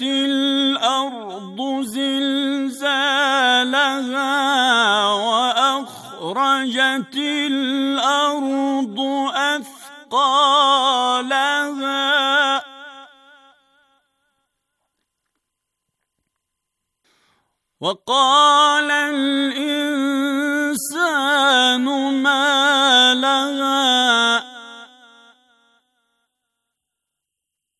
الأرض زلزالها وأخرجت الأرض أثقالها وقال الإنسان ما لها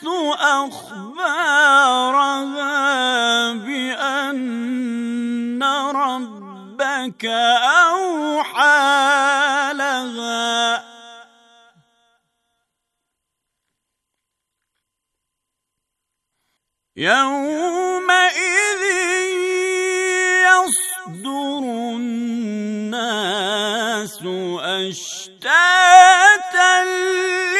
الناس أخبارها بأن ربك أوحى لها يومئذ يصدر الناس أشتاتا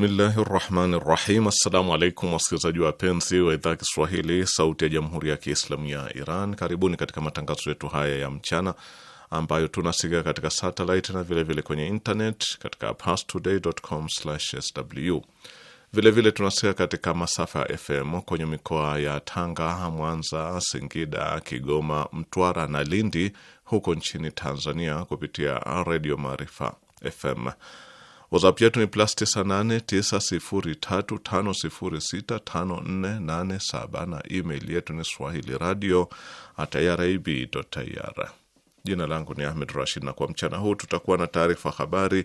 Bismillahi rahmani rahim. Assalamu alaikum wasikilizaji wapenzi wa idhaa Kiswahili sauti ya jamhuri ya Kiislamu ya Iran, karibuni katika matangazo yetu haya ya mchana ambayo tunasikika katika satelit na vilevile vile kwenye internet katika pastodaycom sw Vilevile tunasikika katika masafa ya FM kwenye mikoa ya Tanga, Mwanza, Singida, Kigoma, Mtwara na Lindi, huko nchini Tanzania kupitia Redio Maarifa FM. WhatsApp yetu ni plus 989035065487 na email yetu ni swahili radio irib.ir. Jina langu ni Ahmed Rashid, na kwa mchana huu tutakuwa na taarifa habari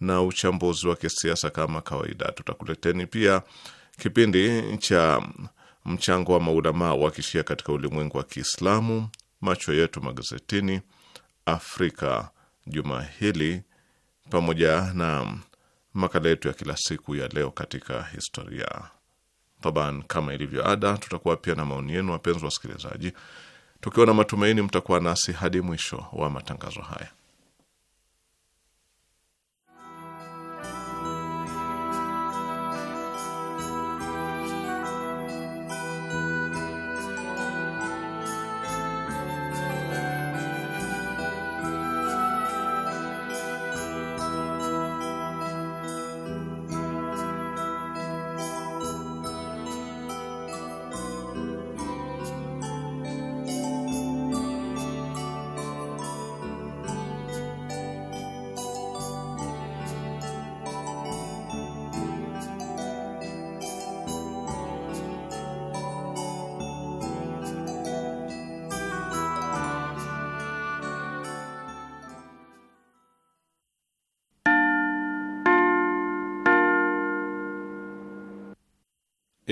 na uchambuzi wa kisiasa kama kawaida. Tutakuleteni pia kipindi cha mchango wa maulamaa wa kishia katika ulimwengu wa Kiislamu, macho yetu magazetini, Afrika juma hili pamoja na makala yetu ya kila siku ya leo katika historia. Taban, kama ilivyo ada, tutakuwa pia na maoni yenu, wapenzi wasikilizaji, tukiwa na matumaini mtakuwa nasi hadi mwisho wa matangazo haya.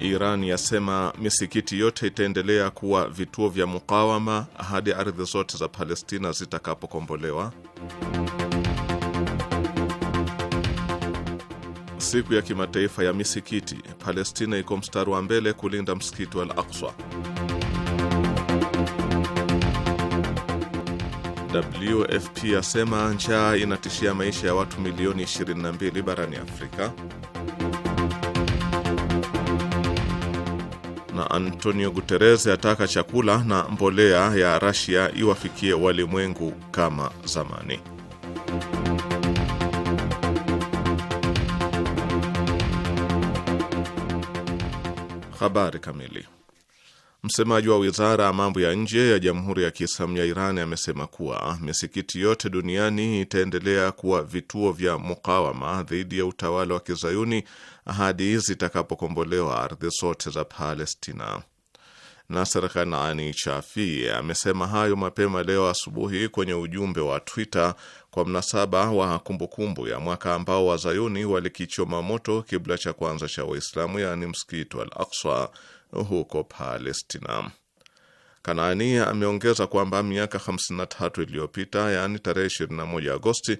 Iran yasema misikiti yote itaendelea kuwa vituo vya mukawama hadi ardhi zote za Palestina zitakapokombolewa. Siku ya kimataifa ya misikiti, Palestina iko mstari wa mbele kulinda msikiti wa Al-Aqsa. WFP yasema njaa inatishia maisha ya watu milioni 22 barani Afrika. na Antonio Guterres ataka chakula na mbolea ya Russia iwafikie walimwengu kama zamani. Habari kamili. Msemaji wa wizara ya mambo ya nje ya Jamhuri ya Kiislamu ya Iran amesema kuwa misikiti yote duniani itaendelea kuwa vituo vya mukawama dhidi ya utawala wa kizayuni hadi zitakapokombolewa ardhi zote za Palestina. Nasser Kanaani Chafi amesema hayo mapema leo asubuhi kwenye ujumbe wa Twitter kwa mnasaba wa kumbukumbu ya mwaka ambao wazayuni walikichoma moto kibla cha kwanza cha Waislamu, yaani msikiti wa Al-Aqsa huko Palestina. Kanaani ameongeza kwamba miaka 53 iliyopita, yaani tarehe 21 Agosti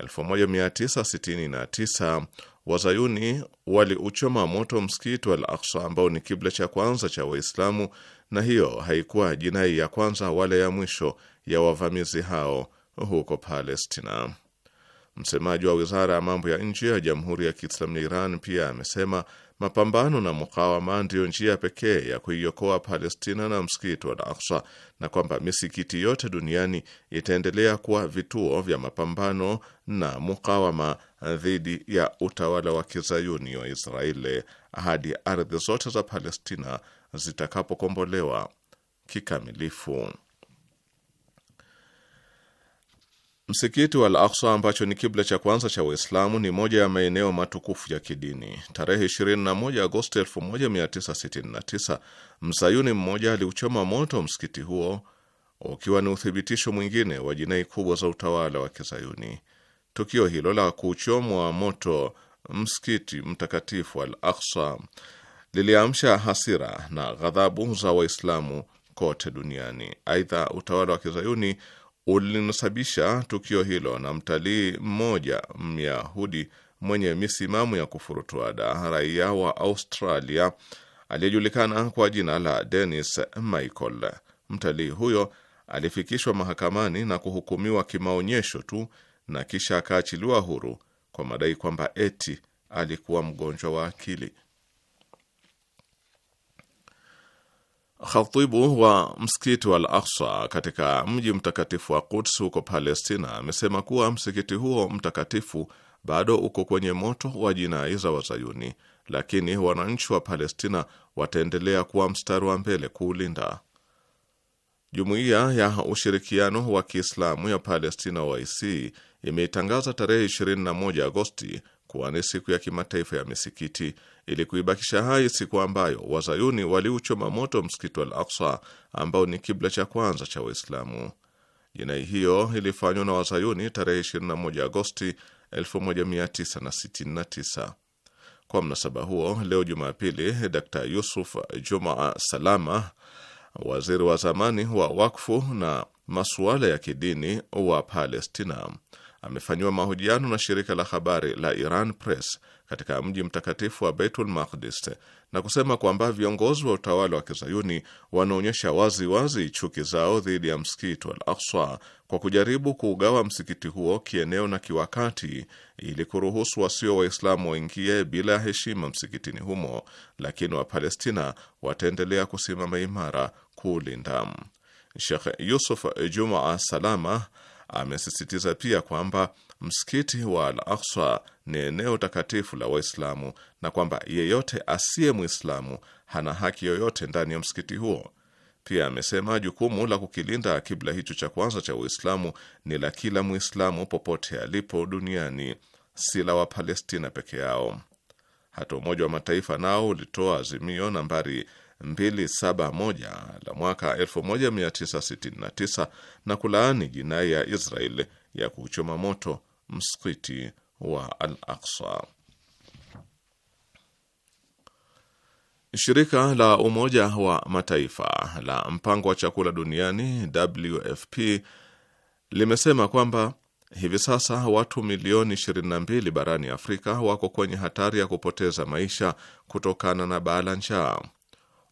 1969 Wazayuni waliuchoma moto msikiti wa Al Aksa ambao ni kibla cha kwanza cha Waislamu, na hiyo haikuwa jinai ya kwanza wala ya mwisho ya wavamizi hao huko Palestina. Msemaji wa wizara ya mambo ya nje ya Jamhuri ya Kiislamu ya Iran pia amesema mapambano na mukawama ndiyo njia pekee ya kuiokoa Palestina na msikiti wa Al-Aqsa na kwamba misikiti yote duniani itaendelea kuwa vituo vya mapambano na mukawama dhidi ya utawala wa kizayuni wa Israeli hadi ardhi zote za Palestina zitakapokombolewa kikamilifu. Msikiti wa Al ambacho ni kibla cha kwanza cha Waislamu ni moja ya maeneo matukufu ya kidini. Tarehe 21 Agosti 1969 mzayuni mmoja aliuchoma moto msikiti huo ukiwa ni uthibitisho mwingine wa jinai kubwa za utawala wa Kizayuni. Tukio hilo la kuchomwa moto msikiti mtakatifu Al Aksa liliamsha hasira na ghadhabu za Waislamu kote duniani. Aidha, utawala wa Kizayuni ulinasabisha tukio hilo na mtalii mmoja Myahudi mwenye misimamo ya kufurutuada, raia wa Australia aliyejulikana kwa jina la Dennis Michael. Mtalii huyo alifikishwa mahakamani na kuhukumiwa kimaonyesho tu na kisha akaachiliwa huru kwa madai kwamba eti alikuwa mgonjwa wa akili. Khatibu wa msikiti wa Al Aksa katika mji mtakatifu wa Quds huko Palestina amesema kuwa msikiti huo mtakatifu bado uko kwenye moto wa jinai za Wazayuni, lakini wananchi wa Palestina wataendelea kuwa mstari wa mbele kuulinda. Jumuiya ya Ushirikiano wa Kiislamu ya Palestina OIC imeitangaza tarehe 21 Agosti kuwa ni siku ya kimataifa ya misikiti ili kuibakisha hai siku ambayo wazayuni waliuchoma moto msikiti Al Aksa ambao ni kibla cha kwanza cha Waislamu. Jinai hiyo ilifanywa na wazayuni tarehe 21 Agosti 1969. Kwa mnasaba huo, leo Jumapili, Dr Yusuf Jumaa Salama, waziri wa zamani wa wakfu na masuala ya kidini wa Palestina amefanyiwa mahojiano na shirika la habari la Iran Press katika mji mtakatifu wa Beitul Maqdis na kusema kwamba viongozi wa utawala wa kizayuni wanaonyesha wazi wazi chuki zao dhidi ya msikiti Al akswa kwa kujaribu kuugawa msikiti huo kieneo na kiwakati ili kuruhusu wasio Waislamu waingie bila ya heshima msikitini humo, lakini Wapalestina wataendelea kusimama imara kuulinda. Shekh Yusuf Jumaa Salama Amesisitiza pia kwamba msikiti wa Al Aqsa ni eneo takatifu la Waislamu na kwamba yeyote asiye Mwislamu hana haki yoyote ndani ya msikiti huo. Pia amesema jukumu la kukilinda kibla hicho cha kwanza cha Uislamu ni la kila Mwislamu popote alipo duniani, si la Wapalestina peke yao. Hata Umoja wa Mataifa nao ulitoa azimio nambari 271 la mwaka 1969 na kulaani jinai ya Israel ya kuchoma moto msikiti wa Al-Aqsa. Shirika la Umoja wa Mataifa la Mpango wa Chakula Duniani WFP limesema kwamba hivi sasa watu milioni 22 barani Afrika wako kwenye hatari ya kupoteza maisha kutokana na baa la njaa.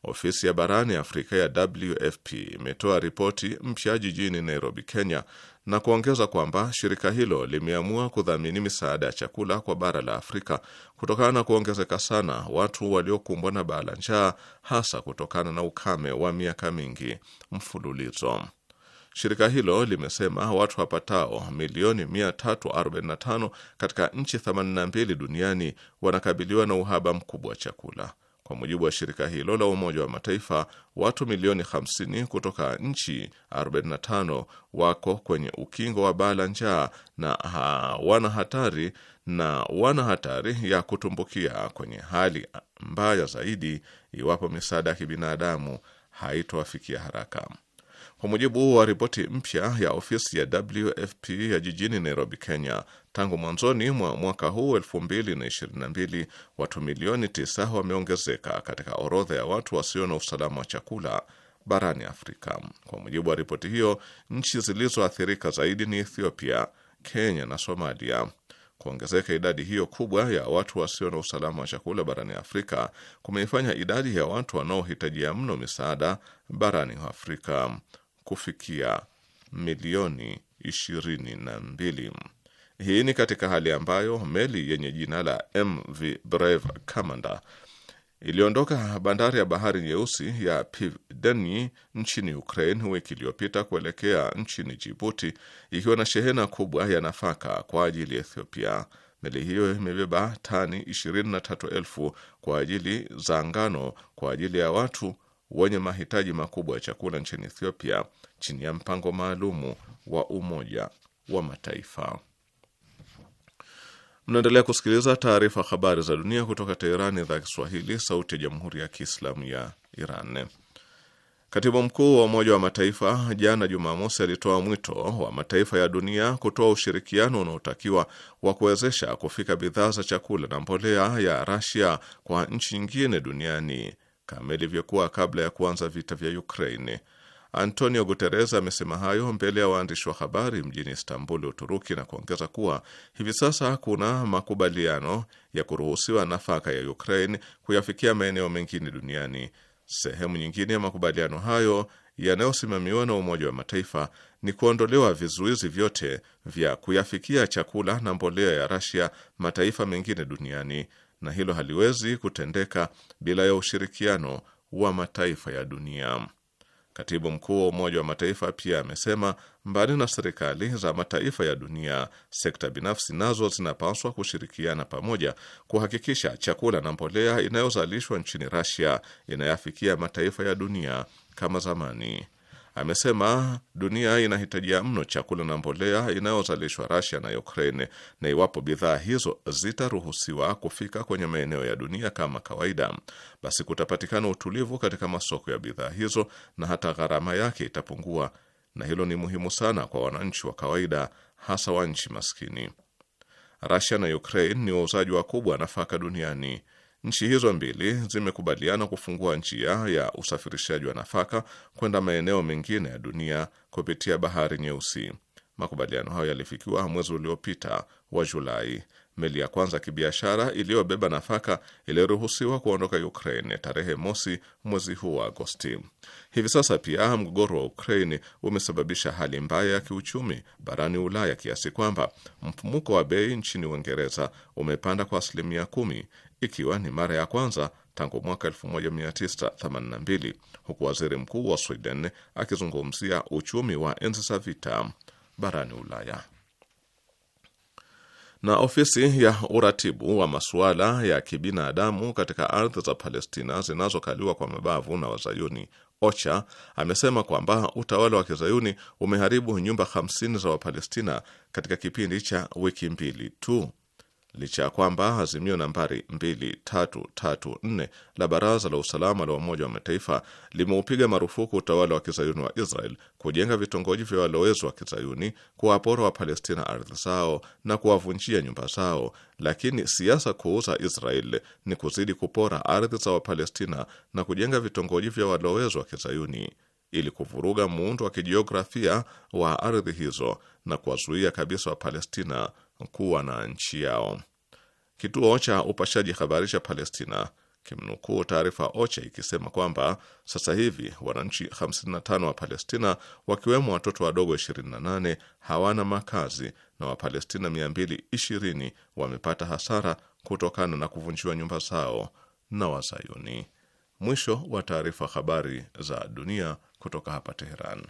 Ofisi ya barani Afrika ya WFP imetoa ripoti mpya jijini Nairobi, Kenya, na kuongeza kwamba shirika hilo limeamua kudhamini misaada ya chakula kwa bara la Afrika kutokana na kuongezeka sana watu waliokumbwa na baa la njaa, hasa kutokana na ukame wa miaka mingi mfululizo. Shirika hilo limesema watu wapatao milioni 345 katika nchi 82 duniani wanakabiliwa na uhaba mkubwa wa chakula. Kwa mujibu wa shirika hilo la Umoja wa Mataifa, watu milioni 50 kutoka nchi 45 wako kwenye ukingo wa baa la njaa na wana hatari na wana hatari ya kutumbukia kwenye hali mbaya zaidi iwapo misaada ya kibinadamu haitowafikia haraka. Kwa mujibu wa ripoti mpya ya ofisi ya WFP ya jijini Nairobi, Kenya, Tangu mwanzoni mwa mwaka huu 2022 watu milioni 9 wameongezeka katika orodha ya watu wasio na usalama wa chakula barani Afrika. Kwa mujibu wa ripoti hiyo, nchi zilizoathirika zaidi ni Ethiopia, Kenya na Somalia. Kuongezeka idadi hiyo kubwa ya watu wasio na usalama wa chakula barani Afrika kumeifanya idadi ya watu wanaohitajia mno misaada barani Afrika kufikia milioni 22. Hii ni katika hali ambayo meli yenye jina la MV Brave Commander iliondoka bandari ya bahari nyeusi ya Pivdeni nchini Ukraine wiki iliyopita kuelekea nchini Jibuti ikiwa na shehena kubwa ya nafaka kwa ajili ya Ethiopia. Meli hiyo imebeba tani 23,000 kwa ajili za ngano kwa ajili ya watu wenye mahitaji makubwa ya chakula nchini Ethiopia chini ya mpango maalumu wa Umoja wa Mataifa. Mnaendelea kusikiliza taarifa habari za dunia kutoka Teherani, idhaa Kiswahili, sauti ya jamhuri ya kiislamu ya Iran. Katibu mkuu wa Umoja wa Mataifa jana Jumamosi alitoa mwito wa mataifa ya dunia kutoa ushirikiano unaotakiwa wa kuwezesha kufika bidhaa za chakula na mbolea ya Rasia kwa nchi nyingine duniani kama ilivyokuwa kabla ya kuanza vita vya Ukraini. Antonio Guterres amesema hayo mbele ya waandishi wa habari mjini Istanbul, Uturuki, na kuongeza kuwa hivi sasa kuna makubaliano ya kuruhusiwa nafaka ya Ukraine kuyafikia maeneo mengine duniani. Sehemu nyingine ya makubaliano hayo yanayosimamiwa na Umoja wa Mataifa ni kuondolewa vizuizi vyote vya kuyafikia chakula na mbolea ya Rasia mataifa mengine duniani, na hilo haliwezi kutendeka bila ya ushirikiano wa mataifa ya dunia. Katibu mkuu wa Umoja wa Mataifa pia amesema mbali na serikali za mataifa ya dunia, sekta binafsi nazo zinapaswa kushirikiana pamoja kuhakikisha chakula na mbolea inayozalishwa nchini Russia inayafikia mataifa ya dunia kama zamani. Amesema dunia inahitajia mno chakula na mbolea inayozalishwa Rasia na Ukraine, na iwapo bidhaa hizo zitaruhusiwa kufika kwenye maeneo ya dunia kama kawaida, basi kutapatikana utulivu katika masoko ya bidhaa hizo na hata gharama yake itapungua, na hilo ni muhimu sana kwa wananchi wa kawaida, hasa wa nchi maskini. Rasia na Ukraine ni wauzaji wakubwa nafaka duniani. Nchi hizo mbili zimekubaliana kufungua njia ya usafirishaji wa nafaka kwenda maeneo mengine ya dunia kupitia Bahari Nyeusi. Makubaliano hayo yalifikiwa mwezi uliopita wa Julai. Meli ya kwanza kibiashara iliyobeba nafaka iliruhusiwa kuondoka Ukraine tarehe mosi mwezi huu wa Agosti. Hivi sasa pia mgogoro wa Ukraine umesababisha hali mbaya ya kiuchumi barani Ulaya kiasi kwamba mfumuko wa bei nchini Uingereza umepanda kwa asilimia kumi ikiwa ni mara ya kwanza tangu mwaka 1982 huku waziri mkuu wa Sweden akizungumzia uchumi wa enzi za vita barani Ulaya. Na ofisi ya uratibu wa masuala ya kibinadamu katika ardhi za Palestina zinazokaliwa kwa mabavu na wazayuni OCHA amesema kwamba utawala wa kizayuni umeharibu nyumba 50 za Wapalestina katika kipindi cha wiki mbili tu licha ya kwamba azimio nambari 2334 la Baraza la Usalama la Umoja wa Mataifa limeupiga marufuku utawala wa kizayuni wa Israel kujenga vitongoji vya walowezi wa kizayuni, kuwapora wa Palestina ardhi zao na kuwavunjia nyumba zao, lakini siasa kuuza Israel ni kuzidi kupora ardhi za Wapalestina na kujenga vitongoji vya walowezi wa kizayuni ili kuvuruga muundo wa kijiografia wa ardhi hizo na kuwazuia kabisa Wapalestina kuwa na nchi yao. Kituo cha upashaji habari cha Palestina kimnukuu taarifa OCHA ikisema kwamba sasa hivi wananchi 55 wa Palestina wakiwemo watoto wadogo 28 hawana makazi na Wapalestina 220 wamepata hasara kutokana na kuvunjiwa nyumba zao na Wazayuni. Mwisho wa taarifa. Habari za dunia kutoka hapa Teheran.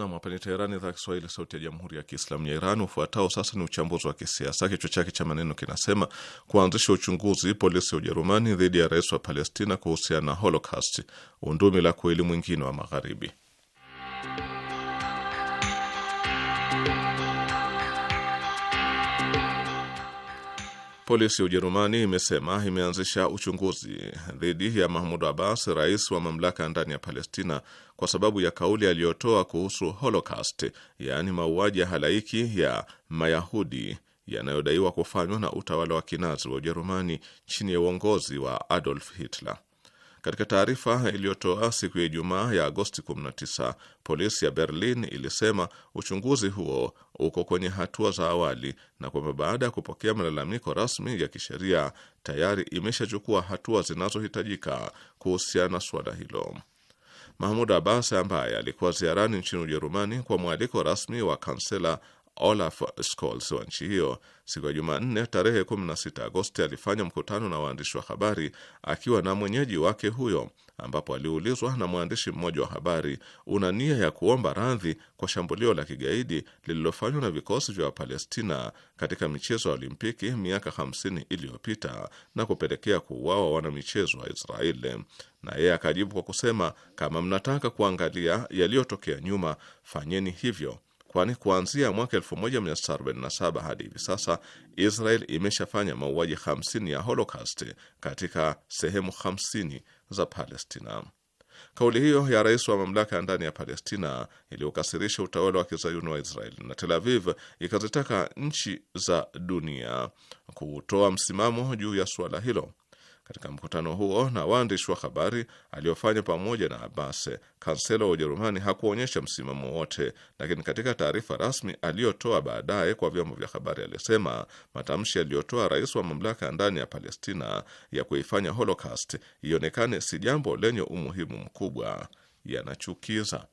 Nam, hapa ni Teherani, idhaa Kiswahili, sauti ya jamhuri ya kiislamu ya Iran. Ufuatao sasa ni uchambuzi wa kisiasa, kichwa chake cha maneno kinasema kuanzisha uchunguzi polisi ya Ujerumani dhidi ya rais wa Palestina kuhusiana na Holocaust, undumi la kweli mwingine wa Magharibi. Polisi ya Ujerumani imesema imeanzisha uchunguzi dhidi ya Mahmud Abbas, rais wa mamlaka ndani ya Palestina, kwa sababu ya kauli aliyotoa kuhusu Holocaust, yaani mauaji ya halaiki ya Mayahudi yanayodaiwa kufanywa na utawala wa kinazi wa Ujerumani chini ya uongozi wa Adolf Hitler. Katika taarifa iliyotoa siku ya Ijumaa ya Agosti 19, polisi ya Berlin ilisema uchunguzi huo uko kwenye hatua za awali na kwamba baada ya kupokea malalamiko rasmi ya kisheria tayari imeshachukua hatua zinazohitajika kuhusiana na suala hilo. Mahmud Abbas ambaye alikuwa ziarani nchini Ujerumani kwa mwaliko rasmi wa kansela Olaf Scholz wa nchi hiyo siku ya Jumanne tarehe 16 Agosti alifanya mkutano na waandishi wa habari akiwa na mwenyeji wake huyo, ambapo aliulizwa na mwandishi mmoja wa habari, una nia ya kuomba radhi kwa shambulio la kigaidi lililofanywa na vikosi vya Wapalestina katika michezo ya Olimpiki miaka 50 iliyopita na kupelekea kuuawa wanamichezo wa Israeli? Na yeye akajibu kwa kusema, kama mnataka kuangalia yaliyotokea nyuma, fanyeni hivyo kwani kuanzia mwaka 1947 hadi hivi sasa Israel imeshafanya mauaji 50 ya Holocaust katika sehemu 50 za Palestina. Kauli hiyo ya rais wa mamlaka ya ndani ya Palestina iliyokasirisha utawala wa kizayuni wa Israel na Tel Aviv ikazitaka nchi za dunia kutoa msimamo juu ya suala hilo. Katika mkutano huo na waandishi wa habari aliofanya pamoja na Abbas, kansela wa Ujerumani hakuonyesha msimamo wote, lakini katika taarifa rasmi aliyotoa baadaye kwa vyombo vya habari alisema matamshi aliyotoa rais wa mamlaka ndani ya Palestina ya kuifanya Holocaust ionekane si jambo lenye umuhimu mkubwa yanachukiza.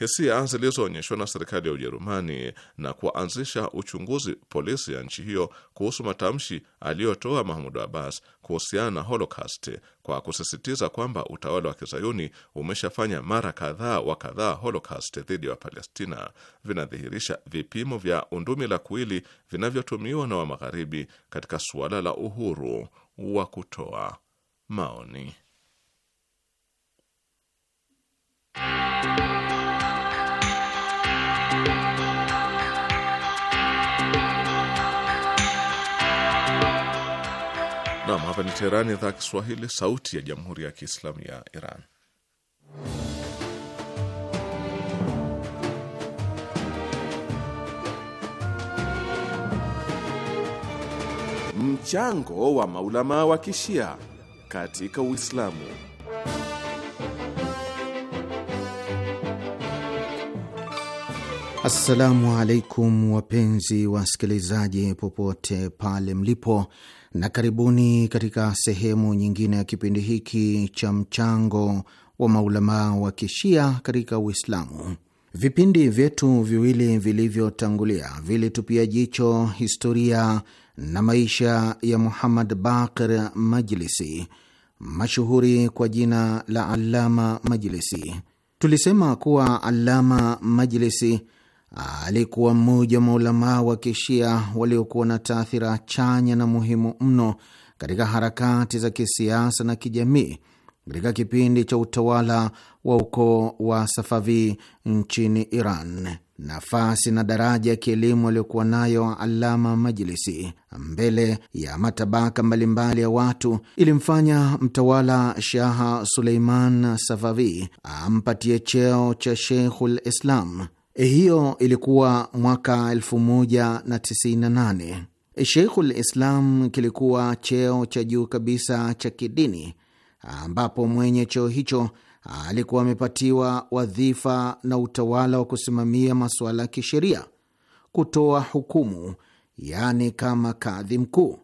Hisia zilizoonyeshwa na serikali ya Ujerumani na kuanzisha uchunguzi polisi ya nchi hiyo kuhusu matamshi aliyotoa Mahmud Abbas kuhusiana na Holocaust kwa kusisitiza kwamba utawala wa kizayuni umeshafanya mara kadhaa wa kadhaa Holocaust dhidi ya Wapalestina vinadhihirisha vipimo vya undumi la kuili vinavyotumiwa na wa Magharibi katika suala la uhuru wa kutoa maoni. Naam, hapa ni Teherani, idhaa Kiswahili, sauti ya jamhuri ya kiislamu ya Iran. Mchango wa maulama wa kishia katika Uislamu. Assalamu alaikum, wapenzi wasikilizaji popote pale mlipo na karibuni katika sehemu nyingine ya kipindi hiki cha mchango wa maulamaa wa kishia katika Uislamu. Vipindi vyetu viwili vilivyotangulia vilitupia jicho historia na maisha ya Muhammad Baqir Majlisi, mashuhuri kwa jina la Allama Majlisi. Tulisema kuwa Allama Majlisi alikuwa mmoja wa maulamaa wa kishia waliokuwa na taathira chanya na muhimu mno katika harakati za kisiasa na kijamii katika kipindi cha utawala wa ukoo wa Safavi nchini Iran. Nafasi na daraja ya kielimu aliyokuwa nayo Alama Majlisi mbele ya matabaka mbalimbali ya watu ilimfanya mtawala Shaha Suleiman Safavi ampatie cheo cha Sheikhul Islam Eh, hiyo ilikuwa mwaka 1098. Eh, Sheikhul Islam kilikuwa cheo cha juu kabisa cha kidini, ambapo mwenye cheo hicho alikuwa amepatiwa wadhifa na utawala wa kusimamia masuala ya kisheria, kutoa hukumu, yaani kama kadhi mkuu,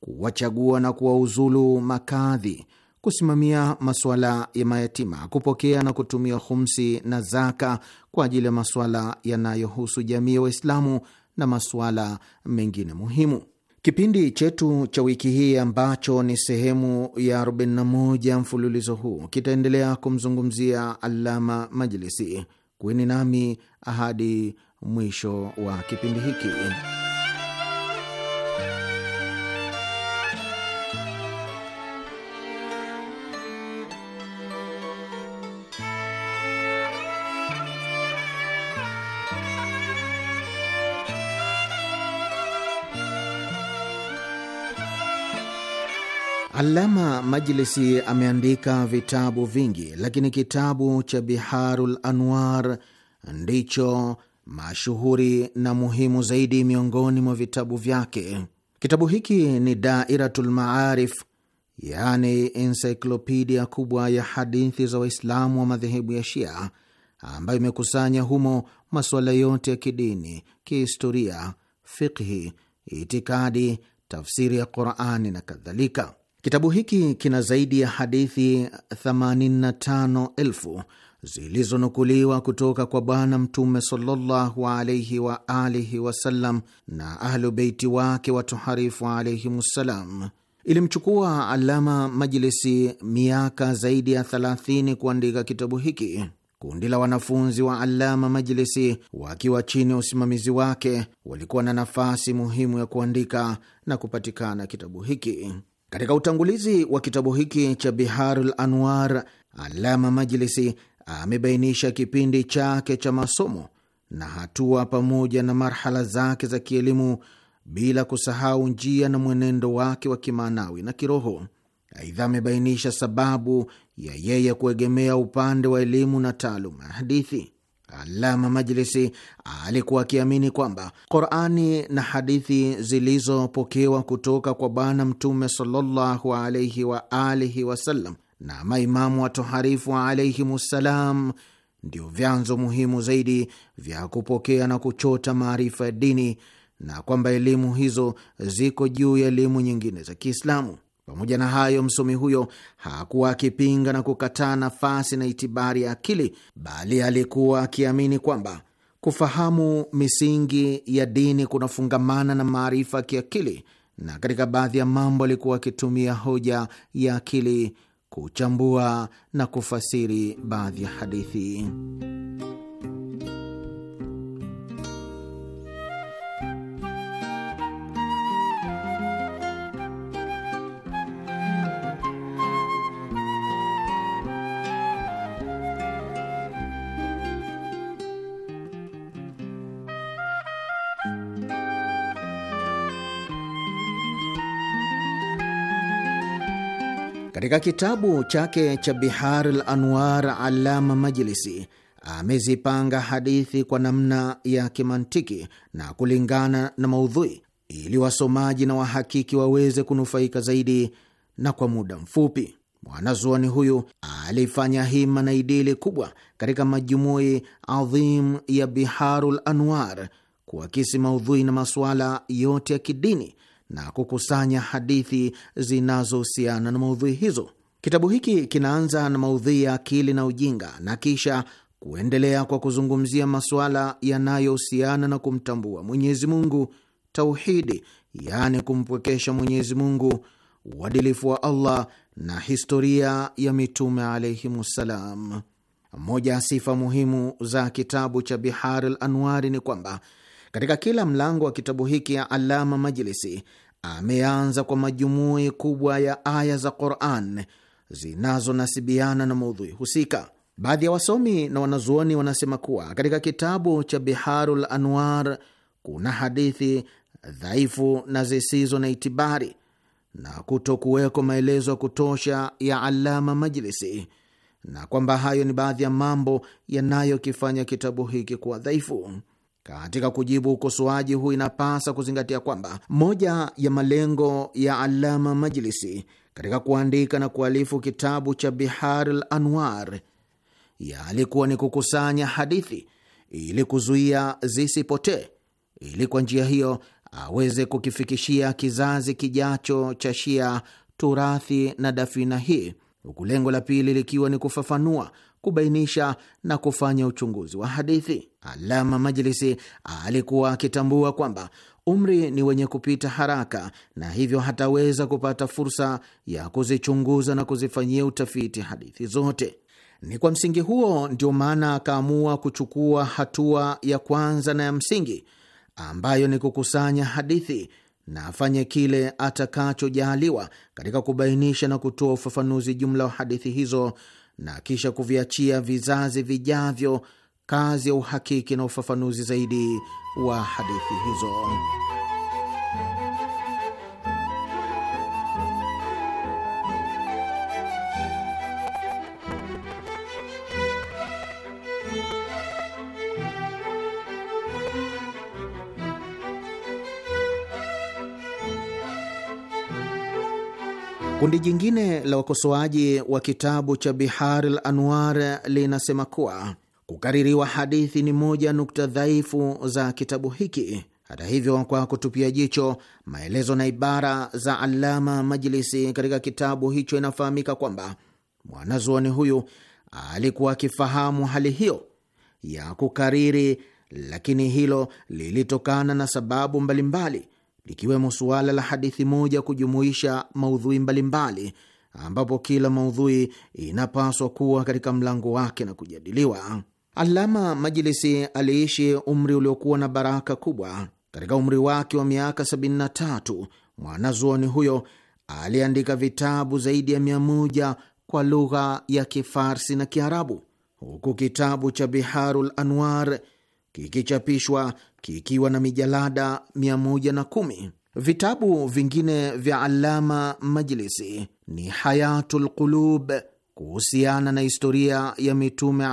kuwachagua na kuwauzulu makadhi kusimamia masuala ya mayatima, kupokea na kutumia khumsi na zaka kwa ajili ya masuala yanayohusu jamii ya Waislamu na masuala mengine muhimu. Kipindi chetu cha wiki hii ambacho ni sehemu ya 41 mfululizo huu kitaendelea kumzungumzia Alama Majlisi. Kuweni nami ahadi mwisho wa kipindi hiki. Alama Majlisi ameandika vitabu vingi, lakini kitabu cha Biharul Anwar ndicho mashuhuri na muhimu zaidi miongoni mwa vitabu vyake. Kitabu hiki ni Dairatul Maarif, yaani ensiklopedia kubwa ya hadithi za Waislamu wa madhehebu ya Shia, ambayo imekusanya humo masuala yote ya kidini, kihistoria, fikhi, itikadi, tafsiri ya Qurani na kadhalika. Kitabu hiki kina zaidi ya hadithi 85,000 zilizonukuliwa kutoka kwa Bwana Mtume sallallahu alaihi wa alihi wasallam na Ahlu Beiti wake watoharifu alaihimussalam. Ilimchukua Alama Majlisi miaka zaidi ya 30 kuandika kitabu hiki. Kundi la wanafunzi wa Alama Majlisi wakiwa chini ya usimamizi wake walikuwa na nafasi muhimu ya kuandika na kupatikana kitabu hiki. Katika utangulizi wa kitabu hiki cha Biharul Anwar, Alama Majlisi amebainisha kipindi chake cha masomo na hatua pamoja na marhala zake za kielimu bila kusahau njia na mwenendo wake wa kimaanawi na kiroho. Aidha, amebainisha sababu ya yeye kuegemea upande wa elimu na taaluma ya hadithi. Alama Majlisi alikuwa akiamini kwamba Qurani na hadithi zilizopokewa kutoka kwa Bwana Mtume sallallahu alaihi wa alihi wasallam na maimamu watoharifu alaihimussalam ndio vyanzo muhimu zaidi vya kupokea na kuchota maarifa ya dini na kwamba elimu hizo ziko juu ya elimu nyingine za Kiislamu. Pamoja na hayo, msomi huyo hakuwa akipinga na kukataa nafasi na itibari ya akili, bali alikuwa akiamini kwamba kufahamu misingi ya dini kunafungamana na maarifa ya kiakili, na katika baadhi ya mambo alikuwa akitumia hoja ya akili kuchambua na kufasiri baadhi ya hadithi. Katika kitabu chake cha Bihar lanwar Anwar, Alama Majlisi amezipanga hadithi kwa namna ya kimantiki na kulingana na maudhui ili wasomaji na wahakiki waweze kunufaika zaidi na kwa muda mfupi. Mwanazuoni huyu alifanya hima na idili kubwa katika majumui adhim ya Biharul Anwar kuakisi maudhui na masuala yote ya kidini na kukusanya hadithi zinazohusiana na maudhui hizo. Kitabu hiki kinaanza na maudhui ya akili na ujinga na kisha kuendelea kwa kuzungumzia masuala yanayohusiana na kumtambua Mwenyezi Mungu, tauhidi, yaani kumpwekesha Mwenyezi Mungu, uadilifu wa Allah na historia ya mitume alaihimussalam. Moja ya sifa muhimu za kitabu cha Bihar al Anwari ni kwamba katika kila mlango wa kitabu hiki ya Alama Majlisi ameanza kwa majumui kubwa ya aya za Quran zinazonasibiana na maudhui husika. Baadhi ya wasomi na wanazuoni wanasema kuwa katika kitabu cha Biharul Anwar kuna hadithi dhaifu na zisizo na itibari na kutokuweko maelezo ya kutosha ya Alama Majlisi, na kwamba hayo ni baadhi ya mambo yanayokifanya kitabu hiki kuwa dhaifu. Katika kujibu ukosoaji huu, inapasa kuzingatia kwamba moja ya malengo ya Alama Majlisi katika kuandika na kualifu kitabu cha Bihar al Anwar yalikuwa ni kukusanya hadithi ili kuzuia zisipotee, ili kwa njia hiyo aweze kukifikishia kizazi kijacho cha Shia turathi na dafina hii, huku lengo la pili likiwa ni kufafanua kubainisha na kufanya uchunguzi wa hadithi. Alama Majlisi alikuwa akitambua kwamba umri ni wenye kupita haraka na hivyo hataweza kupata fursa ya kuzichunguza na kuzifanyia utafiti hadithi zote. Ni kwa msingi huo ndio maana akaamua kuchukua hatua ya kwanza na ya msingi ambayo ni kukusanya hadithi na afanye kile atakachojaaliwa katika kubainisha na kutoa ufafanuzi jumla wa hadithi hizo na kisha kuviachia vizazi vijavyo kazi ya uhakiki na ufafanuzi zaidi wa hadithi hizo. Kundi jingine la wakosoaji wa kitabu cha Bihar al Anwar linasema kuwa kukaririwa hadithi ni moja nukta dhaifu za kitabu hiki. Hata hivyo, kwa kutupia jicho maelezo na ibara za Alama Majlisi katika kitabu hicho, inafahamika kwamba mwanazuoni huyu alikuwa akifahamu hali hiyo ya kukariri, lakini hilo lilitokana na sababu mbalimbali mbali likiwemo suala la hadithi moja kujumuisha maudhui mbalimbali, ambapo kila maudhui inapaswa kuwa katika mlango wake na kujadiliwa. Alama Majlisi aliishi umri uliokuwa na baraka kubwa. Katika umri wake wa miaka 73 mwanazuoni huyo aliandika vitabu zaidi ya mia moja kwa lugha ya Kifarsi na Kiarabu, huku kitabu cha Biharul Anwar kikichapishwa kikiwa na mijalada 110. Vitabu vingine vya Alama Majlisi ni Hayatul Qulub kuhusiana na historia ya mitume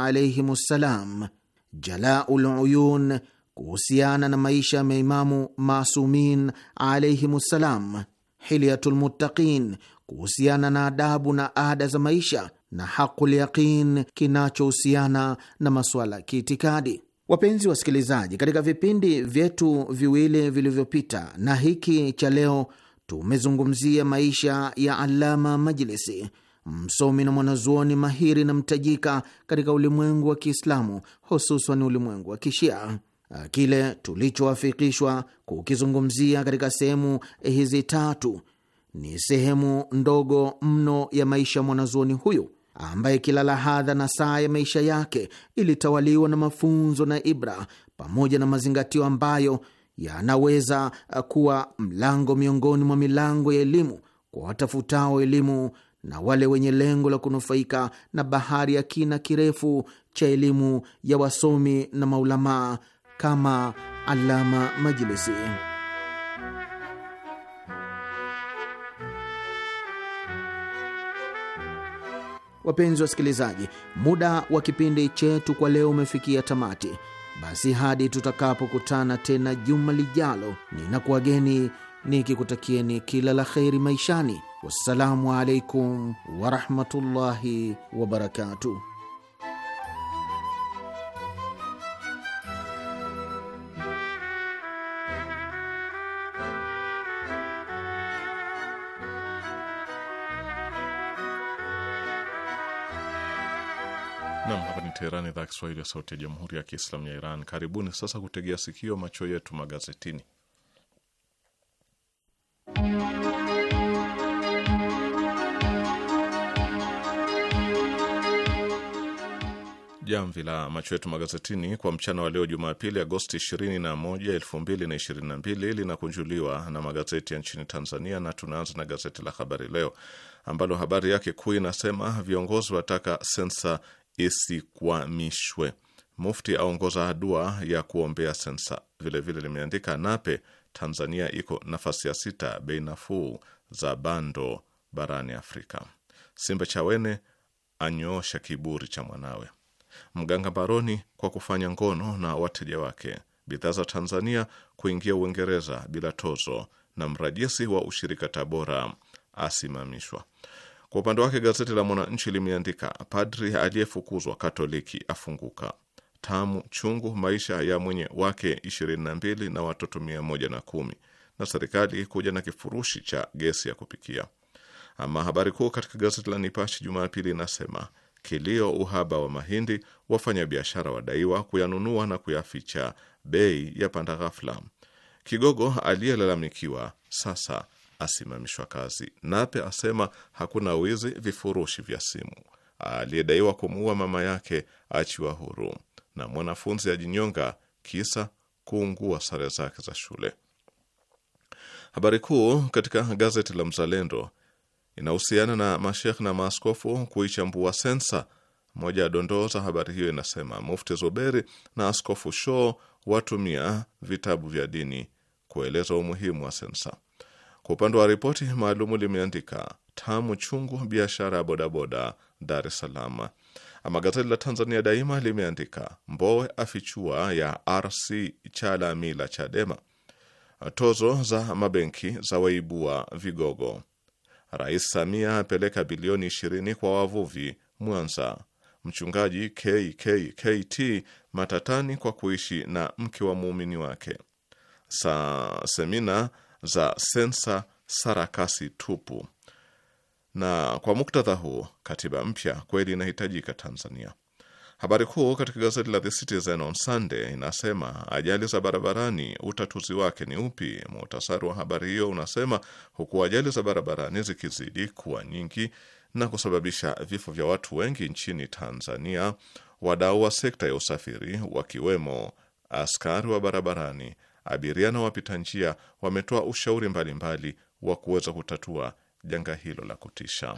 ssalam, Jalaul Uyun kuhusiana na maisha ya maimamu masumin ssalam, Hilyatul Muttaqin kuhusiana na adabu na ada za maisha, na Haqul Yaqin kinachohusiana na masuala ya kiitikadi. Wapenzi wasikilizaji, katika vipindi vyetu viwili vilivyopita na hiki cha leo tumezungumzia maisha ya Alama Majlisi, msomi na mwanazuoni mahiri na mtajika katika ulimwengu wa Kiislamu, hususan ulimwengu wa Kishia. Kile tulichoafikishwa kukizungumzia katika sehemu hizi tatu ni sehemu ndogo mno ya maisha ya mwanazuoni huyu ambaye kila lahadha na saa ya maisha yake ilitawaliwa na mafunzo na ibra pamoja na mazingatio ambayo yanaweza uh, kuwa mlango miongoni mwa milango ya elimu kwa watafutao elimu na wale wenye lengo la kunufaika na bahari ya kina kirefu cha elimu ya wasomi na maulamaa kama Alama Majlisi. Wapenzi wasikilizaji, muda wa kipindi chetu kwa leo umefikia tamati. Basi hadi tutakapokutana tena juma lijalo, ninakuwageni nikikutakieni kila la kheri maishani. Wassalamu alaikum warahmatullahi wabarakatuh. Nam, hapa ni Teherani, idhaa Kiswahili ya Sauti ya Jamhuri ya Kiislamu ya Iran. Karibuni sasa kutegea sikio, macho yetu magazetini. Jamvi la macho yetu magazetini kwa mchana wa leo Jumapili, Agosti 21, 2022 linakunjuliwa na magazeti ya nchini Tanzania, na tunaanza na gazeti la Habari Leo ambalo habari yake kuu inasema viongozi wataka sensa isikwamishwe. Mufti aongoza dua ya kuombea sensa. Vilevile limeandika Nape, Tanzania iko nafasi ya sita bei nafuu za bando barani Afrika. Simba Chawene anyoosha kiburi cha mwanawe. Mganga baroni kwa kufanya ngono na wateja wake. Bidhaa za Tanzania kuingia Uingereza bila tozo. Na mrajisi wa ushirika Tabora asimamishwa. Kwa upande wake gazeti la Mwananchi limeandika padri aliyefukuzwa Katoliki afunguka, tamu chungu maisha ya mwenye wake 22 na watoto 110, na serikali kuja na kifurushi cha gesi ya kupikia. Ama habari kuu katika gazeti la nipashi Jumapili inasema kilio uhaba wa mahindi, wafanyabiashara wadaiwa kuyanunua na kuyaficha, bei ya panda ghafla. Kigogo aliyelalamikiwa sasa asimamishwa kazi. Nape asema hakuna wizi vifurushi vya simu. Aliyedaiwa kumuua mama yake achiwa huru, na mwanafunzi ajinyonga kisa kuungua sare zake za shule. Habari kuu katika gazeti la Mzalendo inahusiana na mashekh na maaskofu kuichambua sensa. Moja ya dondoo za habari hiyo inasema Mufti Zuberi na Askofu Shoo watumia vitabu vya dini kueleza umuhimu wa sensa. Kwa upande wa ripoti maalumu limeandika tamu chungu biashara ya bodaboda Dar es Salaam. Ama gazeti la Tanzania Daima limeandika Mbowe afichua ya RC Chalamila Chadema, tozo za mabenki za waibua vigogo, Rais Samia apeleka bilioni 20 kwa wavuvi Mwanza, mchungaji KKKT matatani kwa kuishi na mke wa muumini wake, saa semina za sensa sarakasi tupu, na kwa muktadha huu katiba mpya kweli inahitajika Tanzania. Habari kuu katika gazeti la The Citizen on Sunday inasema ajali za barabarani, utatuzi wake ni upi? Muhtasari wa habari hiyo unasema huku ajali za barabarani zikizidi kuwa nyingi na kusababisha vifo vya watu wengi nchini Tanzania, wadau wa sekta ya usafiri wakiwemo askari wa barabarani abiria na wapita njia wametoa ushauri mbalimbali wa kuweza kutatua janga hilo la kutisha.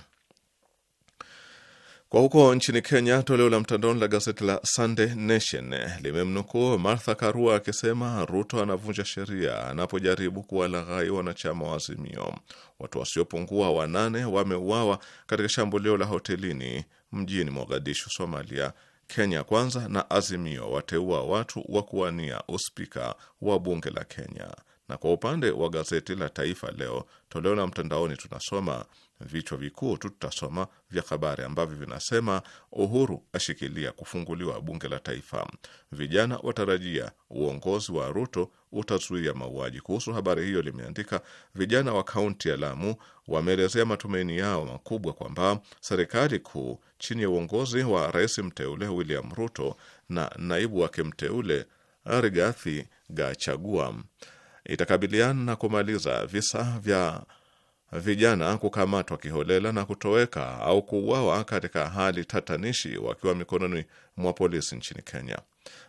Kwa huko nchini Kenya, toleo la mtandaoni la gazeti la Sunday Nation limemnukuu Martha Karua akisema Ruto anavunja sheria anapojaribu kuwalaghai wanachama wa Azimio. Watu wasiopungua wanane wameuawa katika shambulio la hotelini mjini Mogadishu, Somalia Kenya Kwanza na Azimio wateua watu wa kuwania uspika wa bunge la Kenya. Na kwa upande wa gazeti la Taifa Leo toleo la mtandaoni tunasoma Vichwa vikuu tu tutasoma vya habari ambavyo vinasema: Uhuru ashikilia kufunguliwa bunge la taifa, vijana watarajia uongozi wa Ruto utazuia mauaji. Kuhusu habari hiyo limeandika, vijana wa kaunti ya Lamu wameelezea matumaini yao makubwa kwamba serikali kuu chini ya uongozi wa rais mteule William Ruto na naibu wake mteule Rigathi Gachagua itakabiliana na kumaliza visa vya vijana kukamatwa kiholela na kutoweka au kuuawa katika hali tatanishi wakiwa mikononi mwa polisi nchini Kenya.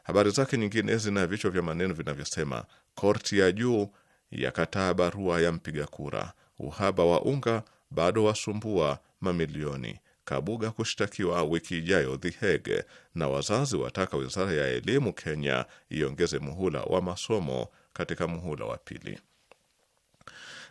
Habari zake nyingine zina vichwa vya maneno vinavyosema korti ya juu yakataa barua ya mpiga kura, uhaba wa unga bado wasumbua mamilioni, Kabuga kushtakiwa wiki ijayo The Hague, na wazazi wataka wizara ya elimu Kenya iongeze muhula wa masomo katika muhula wa pili.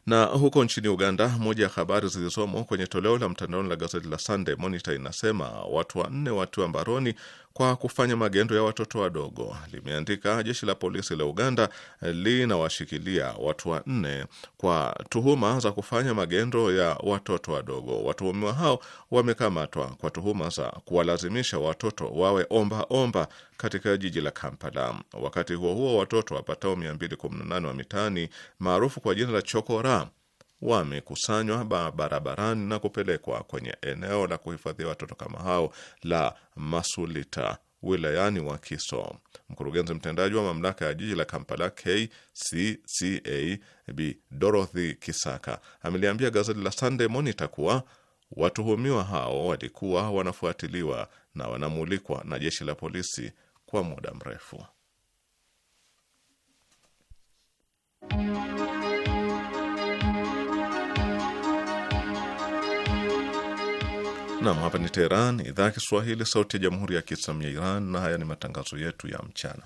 Na huko nchini Uganda, moja ya habari zilizomo kwenye toleo la mtandaoni la gazeti la Sunday Monitor inasema watu wanne watiwa mbaroni kwa kufanya magendo ya watoto wadogo, limeandika jeshi la polisi la Uganda linawashikilia watu wanne kwa tuhuma za kufanya magendo ya watoto wadogo. Watuhumiwa hao wamekamatwa kwa tuhuma za kuwalazimisha watoto wawe omba omba katika jiji la Kampala. Wakati huo huo, watoto wapatao 218 wa mitaani maarufu kwa jina la chokora wamekusanywa barabarani na kupelekwa kwenye eneo la kuhifadhia watoto kama hao la Masulita wilayani Wakiso. Mkurugenzi mtendaji wa mamlaka ya jiji la Kampala KCCA Bi Dorothy Kisaka ameliambia gazeti la Sunday Monitor kuwa watuhumiwa hao walikuwa wanafuatiliwa na wanamulikwa na jeshi la polisi kwa muda mrefu. Nam, hapa ni Teheran, idhaa ya Kiswahili, sauti ya jamhuri ya kiislamu ya Iran, na haya ni matangazo yetu ya mchana.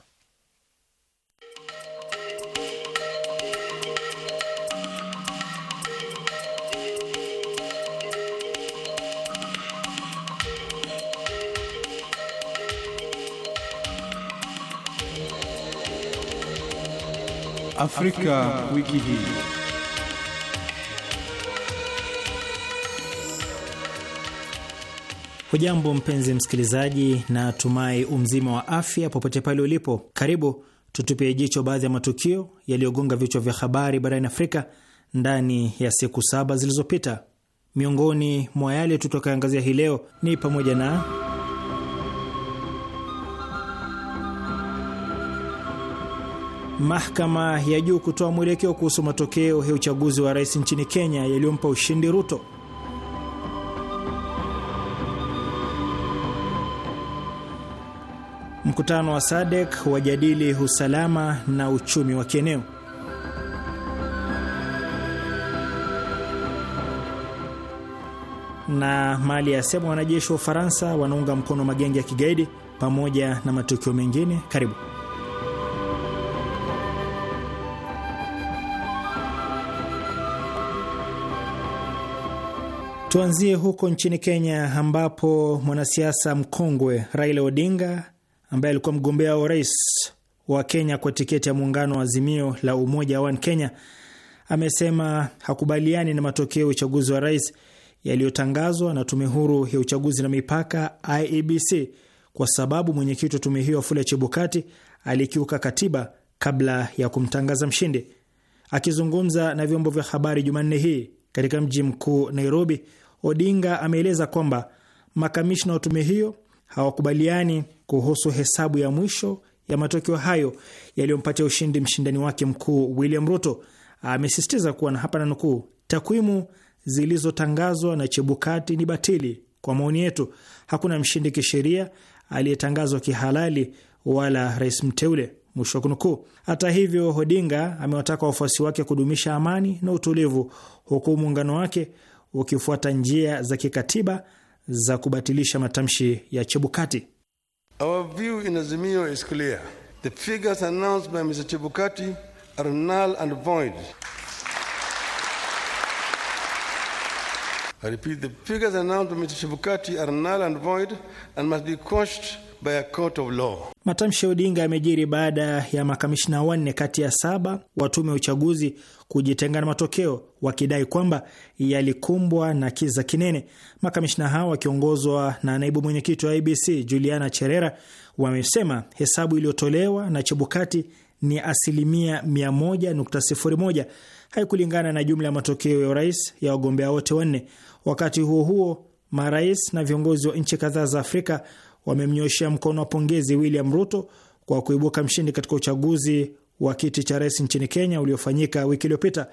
Afrika, Afrika wiki hii. Hujambo mpenzi msikilizaji, na tumai umzima wa afya popote pale ulipo. Karibu tutupie jicho baadhi ya matukio yaliyogonga vichwa vya habari barani Afrika ndani ya siku saba zilizopita. Miongoni mwa yale tutakayoangazia hii leo ni pamoja na mahakama ya juu kutoa mwelekeo kuhusu matokeo ya uchaguzi wa rais nchini Kenya yaliyompa ushindi Ruto. Mkutano wa SADC wajadili usalama na uchumi wa kieneo. na Mali yasema wanajeshi wa Ufaransa wanaunga mkono magenge ya kigaidi, pamoja na matukio mengine. Karibu tuanzie huko nchini Kenya, ambapo mwanasiasa mkongwe Raila Odinga ambaye alikuwa mgombea wa urais wa Kenya kwa tiketi ya muungano wa Azimio la Umoja wa Kenya amesema hakubaliani na matokeo ya uchaguzi wa rais yaliyotangazwa na Tume Huru ya Uchaguzi na Mipaka IEBC kwa sababu mwenyekiti wa tume hiyo Wafula Chebukati alikiuka katiba kabla ya kumtangaza mshindi. Akizungumza na vyombo vya habari Jumanne hii katika mji mkuu Nairobi, Odinga ameeleza kwamba makamishna wa tume hiyo hawakubaliani kuhusu hesabu ya mwisho ya matokeo hayo yaliyompatia ushindi mshindani wake mkuu William Ruto. Amesisitiza kuwa na hapa na nukuu, takwimu zilizotangazwa na Chebukati ni batili. Kwa maoni yetu, hakuna mshindi kisheria aliyetangazwa kihalali wala rais mteule, mwisho wa kunukuu. Hata hivyo, Odinga amewataka wafuasi wake kudumisha amani na utulivu, huku muungano wake ukifuata njia za kikatiba za kubatilisha matamshi ya Chebukati. Our view in Azimio is clear. The figures announced by Mr. Chebukati are null and void. I repeat, the figures announced by Mr. Chebukati are null and void and must be quashed by a court of law. Matamshi ya Odinga yamejiri baada ya makamishna wanne kati ya saba wa tume ya uchaguzi kujitenga na matokeo wakidai kwamba yalikumbwa na kiza kinene. Makamishna hao wakiongozwa na naibu mwenyekiti wa IBC Juliana Cherera wamesema hesabu iliyotolewa na Chebukati ni asilimia 100.01 haikulingana na jumla ya matokeo ya urais ya wagombea wote wanne. Wakati huo huo, marais na viongozi wa nchi kadhaa za Afrika wamemnyoshea mkono wa pongezi William Ruto kwa kuibuka mshindi katika uchaguzi wa kiti cha rais nchini Kenya uliofanyika wiki iliyopita.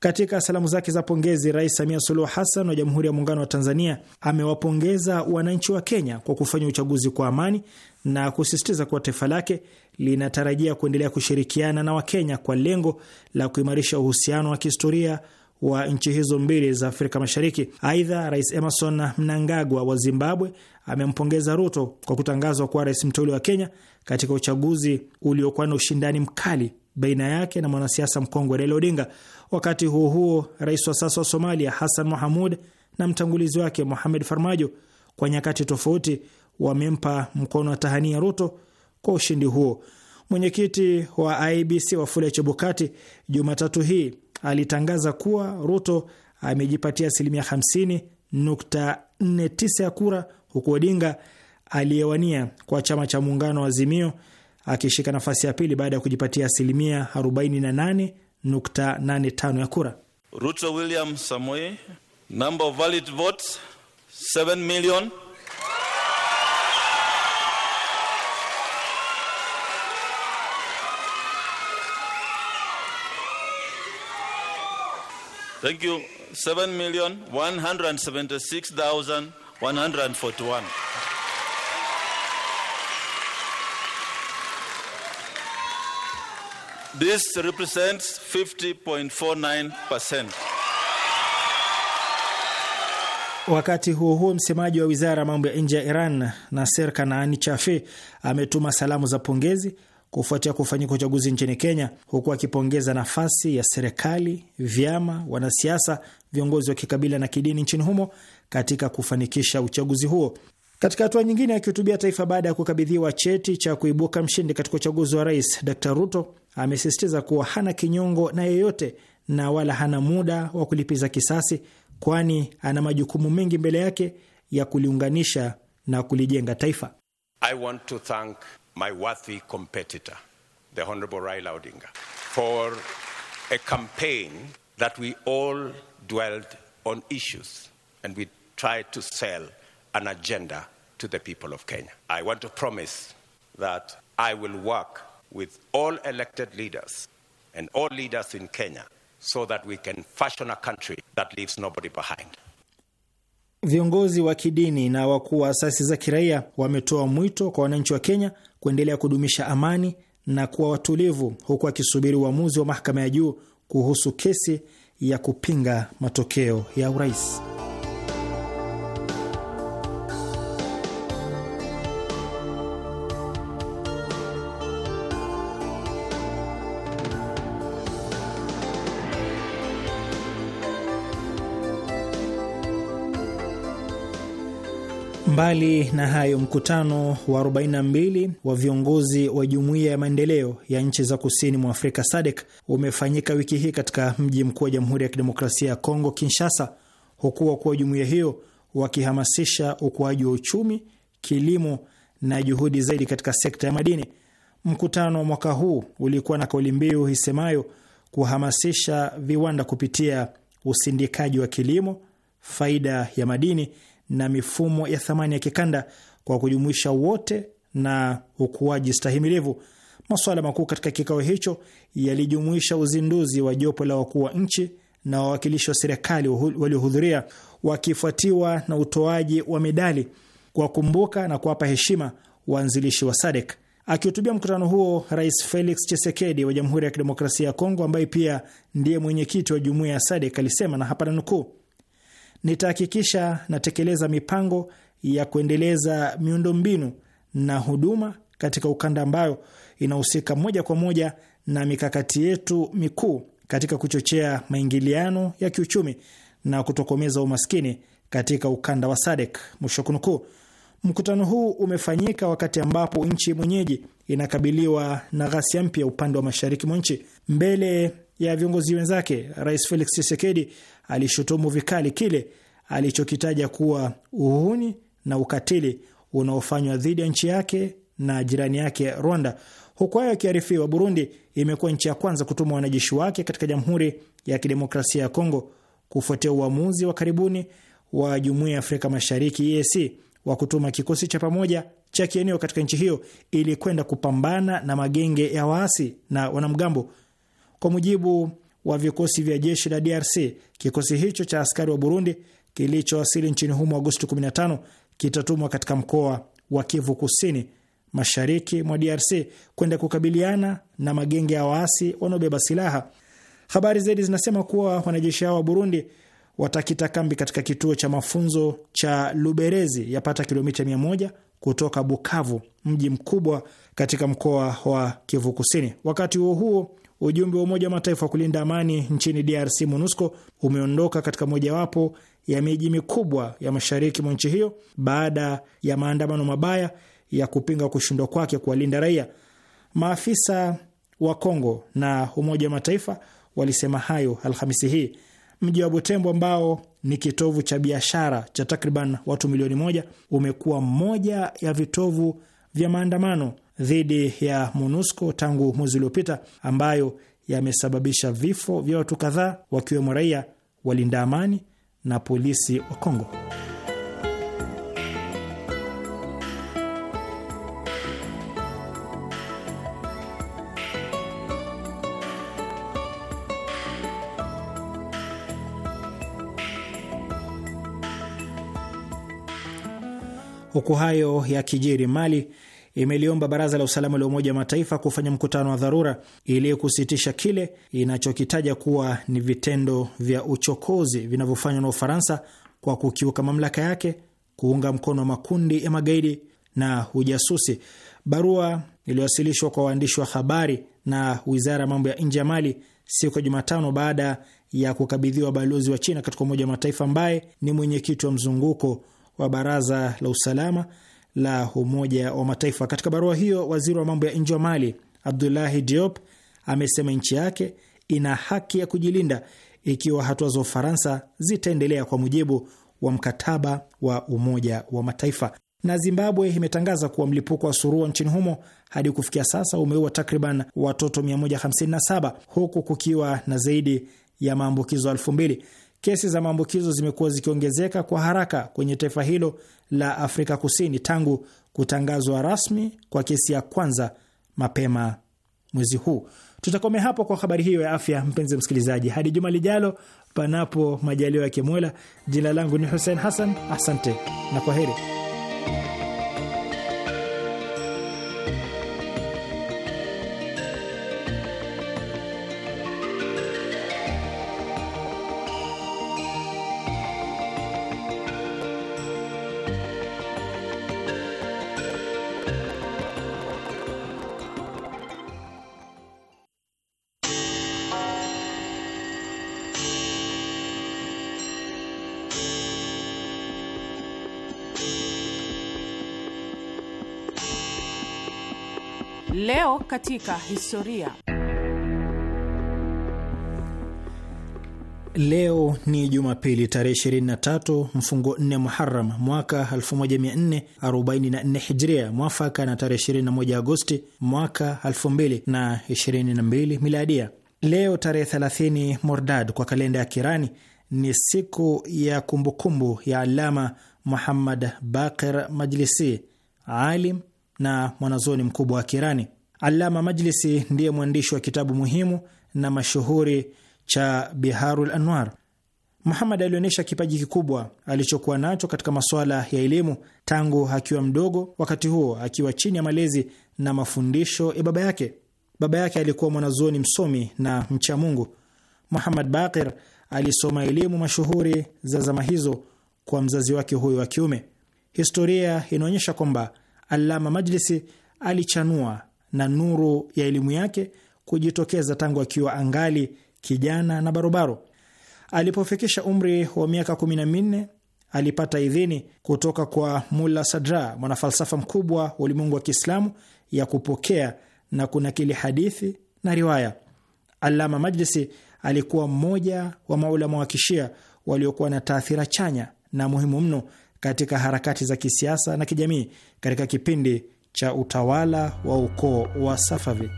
Katika salamu zake za pongezi, Rais Samia Suluhu Hassan wa Jamhuri ya Muungano wa Tanzania amewapongeza wananchi wa Kenya kwa kufanya uchaguzi kwa amani na kusisitiza kuwa taifa lake linatarajia kuendelea kushirikiana na Wakenya kwa lengo la kuimarisha uhusiano wa kihistoria wa nchi hizo mbili za Afrika Mashariki. Aidha, Rais Emerson Mnangagwa wa Zimbabwe amempongeza Ruto kwa kutangazwa kuwa rais mteule wa Kenya katika uchaguzi uliokuwa na ushindani mkali baina yake na mwanasiasa mkongwe Raila Odinga. Wakati huo huo, rais wa sasa wa Somalia Hassan Mahamud na mtangulizi wake Mohamed Farmajo kwa nyakati tofauti wamempa mkono wa tahania Ruto kwa ushindi huo. Mwenyekiti wa IBC Wafula Chebukati Jumatatu hii alitangaza kuwa Ruto amejipatia asilimia 50.49 ya kura huku Odinga aliyewania kwa chama cha muungano wa Azimio akishika nafasi ya pili baada ya kujipatia asilimia 48.85 ya kura. Ruto William Samoei, number of valid votes 7 million Thank you. million 7,176,141. This represents 50.49%. Wakati huo huo, msemaji wa wizara ya mambo ya nje ya Iran Naser Kanaani Chafe ametuma salamu za pongezi kufuatia kufanyika uchaguzi nchini Kenya, huku akipongeza nafasi ya serikali, vyama, wanasiasa, viongozi wa kikabila na kidini nchini humo katika kufanikisha uchaguzi huo. Katika hatua nyingine, akihutubia taifa baada ya kukabidhiwa cheti cha kuibuka mshindi katika uchaguzi wa rais, d Ruto amesisitiza kuwa hana kinyongo na yeyote na wala hana muda wa kulipiza kisasi, kwani ana majukumu mengi mbele yake ya kuliunganisha na kulijenga taifa. I want to thank my worthy competitor, the Honorable Raila Odinga, for a campaign that we all dwelled on issues and we tried to sell an agenda to the people of Kenya. I want to promise that I will work with all elected leaders and all leaders in Kenya so that we can fashion a country that leaves nobody behind. Viongozi wa kidini na wakuu wa asasi za kiraia wametoa mwito kwa wananchi wa Kenya kuendelea kudumisha amani na kuwa watulivu, huku akisubiri uamuzi wa mahakama ya juu kuhusu kesi ya kupinga matokeo ya urais. Mbali na hayo, mkutano wa 42 wa viongozi wa jumuiya ya maendeleo ya nchi za kusini mwa Afrika SADC umefanyika wiki hii katika mji mkuu wa Jamhuri ya Kidemokrasia ya Kongo, Kinshasa, huku wakuu wa jumuiya hiyo wakihamasisha ukuaji wa uchumi, kilimo na juhudi zaidi katika sekta ya madini. Mkutano wa mwaka huu ulikuwa na kauli mbiu isemayo kuhamasisha viwanda kupitia usindikaji wa kilimo, faida ya madini na mifumo ya thamani ya kikanda kwa kujumuisha wote na ukuaji stahimilivu. Masuala makuu katika kikao hicho yalijumuisha uzinduzi wa jopo la wakuu wa nchi na wawakilishi wa serikali waliohudhuria wakifuatiwa na utoaji wa medali kuwakumbuka na kuwapa heshima waanzilishi wa SADC. Akihutubia mkutano huo, Rais Felix Tshisekedi wa Jamhuri ya Kidemokrasia ya Kongo, ambaye pia ndiye mwenyekiti wa jumuiya ya SADC, alisema na hapa nanukuu: nitahakikisha natekeleza mipango ya kuendeleza miundombinu na huduma katika ukanda ambayo inahusika moja kwa moja na mikakati yetu mikuu katika kuchochea maingiliano ya kiuchumi na kutokomeza umaskini katika ukanda wa SADC. Mwisho kunukuu. Mkutano huu umefanyika wakati ambapo nchi mwenyeji inakabiliwa na ghasia mpya upande wa mashariki mwa nchi. Mbele ya viongozi wenzake, Rais Felix Tshisekedi alishutumu vikali kile alichokitaja kuwa uhuni na ukatili unaofanywa dhidi ya nchi yake na jirani yake Rwanda. Huku hayo akiarifiwa, Burundi imekuwa nchi ya kwanza kutuma wanajeshi wake katika Jamhuri ya Kidemokrasia ya Kongo kufuatia uamuzi wa karibuni wa Jumuiya ya Afrika Mashariki EAC wa kutuma kikosi cha pamoja cha kieneo katika nchi hiyo ili kwenda kupambana na magenge ya waasi na wanamgambo. Kwa mujibu wa vikosi vya jeshi la DRC. Kikosi hicho cha askari wa Burundi kilichowasili nchini humo Agosti 15 kitatumwa katika mkoa wa Kivu Kusini, mashariki mwa DRC kwenda kukabiliana na magenge ya waasi wanaobeba silaha. Habari zaidi zinasema kuwa wanajeshi hao wa Burundi watakita kambi katika kituo cha mafunzo cha Luberezi, yapata kilomita 100 kutoka Bukavu, mji mkubwa katika mkoa wa Kivu Kusini. Wakati huo huo Ujumbe wa Umoja wa Mataifa wa kulinda amani nchini DRC, MONUSCO, umeondoka katika mojawapo ya miji mikubwa ya mashariki mwa nchi hiyo baada ya maandamano mabaya ya kupinga kushindwa kwake kuwalinda raia. Maafisa wa Kongo na Umoja wa Mataifa walisema hayo Alhamisi hii. Mji wa Butembo ambao ni kitovu cha biashara cha takriban watu milioni moja umekuwa mmoja ya vitovu vya maandamano dhidi ya MONUSCO tangu mwezi uliopita, ambayo yamesababisha vifo vya watu kadhaa, wakiwemo raia walinda amani na polisi wa Kongo. Huku hayo ya kijiri, Mali imeliomba baraza la usalama la Umoja wa Mataifa kufanya mkutano wa dharura ili kusitisha kile inachokitaja kuwa ni vitendo vya uchokozi vinavyofanywa na Ufaransa kwa kukiuka mamlaka yake, kuunga mkono makundi ya magaidi na ujasusi. Barua iliyowasilishwa kwa waandishi wa habari na wizara ya mambo ya nje ya Mali siku ya Jumatano baada ya kukabidhiwa balozi wa China katika Umoja wa Mataifa ambaye ni mwenyekiti wa mzunguko wa baraza la usalama la Umoja wa Mataifa. Katika barua hiyo, waziri wa mambo ya nje wa Mali Abdullahi Diop amesema nchi yake ina haki ya kujilinda ikiwa hatua za Ufaransa zitaendelea kwa mujibu wa mkataba wa Umoja wa Mataifa. Na Zimbabwe imetangaza kuwa mlipuko wa surua nchini humo hadi kufikia sasa umeua takriban watoto 157 huku kukiwa na zaidi ya maambukizo elfu mbili kesi za maambukizo zimekuwa zikiongezeka kwa haraka kwenye taifa hilo la Afrika Kusini tangu kutangazwa rasmi kwa kesi ya kwanza mapema mwezi huu. Tutakomea hapo kwa habari hiyo ya afya, mpenzi msikilizaji, hadi juma lijalo, panapo majalio ya Kimola. Jina langu ni Hussein Hassan, asante na kwa heri. Leo katika historia. Leo ni Jumapili tarehe 23 mfungo 4 Muharam mwaka 1444 Hijria, mwafaka na tarehe 21 Agosti mwaka 2022 Miladia. Leo tarehe 30 Mordad kwa kalenda ya Kirani ni siku ya kumbukumbu ya Alama Muhammad Baqir Majlisi, alim na mwanazoni mkubwa wa Kirani. alama Majlisi ndiye mwandishi wa kitabu muhimu na mashuhuri cha Biharul Anwar. Muhamad alionyesha kipaji kikubwa alichokuwa nacho katika masuala ya elimu tangu akiwa mdogo, wakati huo akiwa chini ya malezi na mafundisho ya baba yake. Baba yake alikuwa mwanazuoni msomi na mcha Mungu. Muhamad Baqir alisoma elimu mashuhuri za zama hizo kwa mzazi wake huyo wa kiume. Historia inaonyesha kwamba Alama Majlisi alichanua na nuru ya elimu yake kujitokeza tangu akiwa angali kijana na barobaro. Alipofikisha umri wa miaka kumi na minne alipata idhini kutoka kwa Mula Sadra, mwanafalsafa mkubwa wa ulimwengu wa Kiislamu, ya kupokea na kunakili hadithi na riwaya. Alama Majlisi alikuwa mmoja wa maulama wa kishia waliokuwa na taathira chanya na muhimu mno katika harakati za kisiasa na kijamii katika kipindi cha utawala wa ukoo wa Safavi.